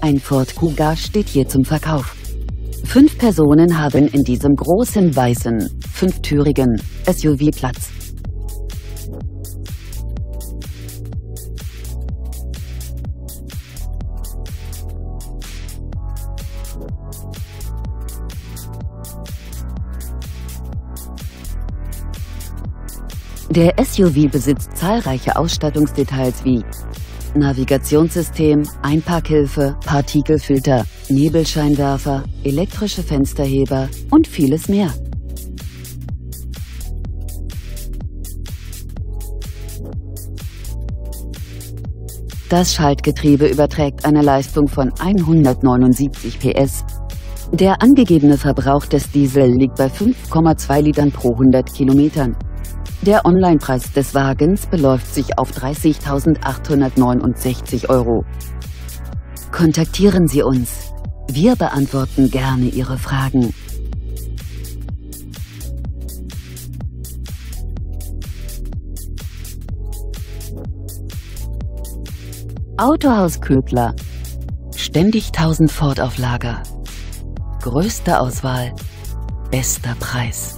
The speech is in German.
Ein Ford Kuga steht hier zum Verkauf. Fünf Personen haben in diesem großen weißen, fünftürigen SUV Platz. Der SUV besitzt zahlreiche Ausstattungsdetails wie Navigationssystem, Einparkhilfe, Partikelfilter, Nebelscheinwerfer, elektrische Fensterheber und vieles mehr. Das Schaltgetriebe überträgt eine Leistung von 179 PS. Der angegebene Verbrauch des Diesel liegt bei 5,2 Litern pro 100 Kilometern. Der Onlinepreis des Wagens beläuft sich auf 30.869 Euro. Kontaktieren Sie uns. Wir beantworten gerne Ihre Fragen. Autohaus Ködler. Ständig 1000 Ford auf Lager. Größte Auswahl, bester Preis.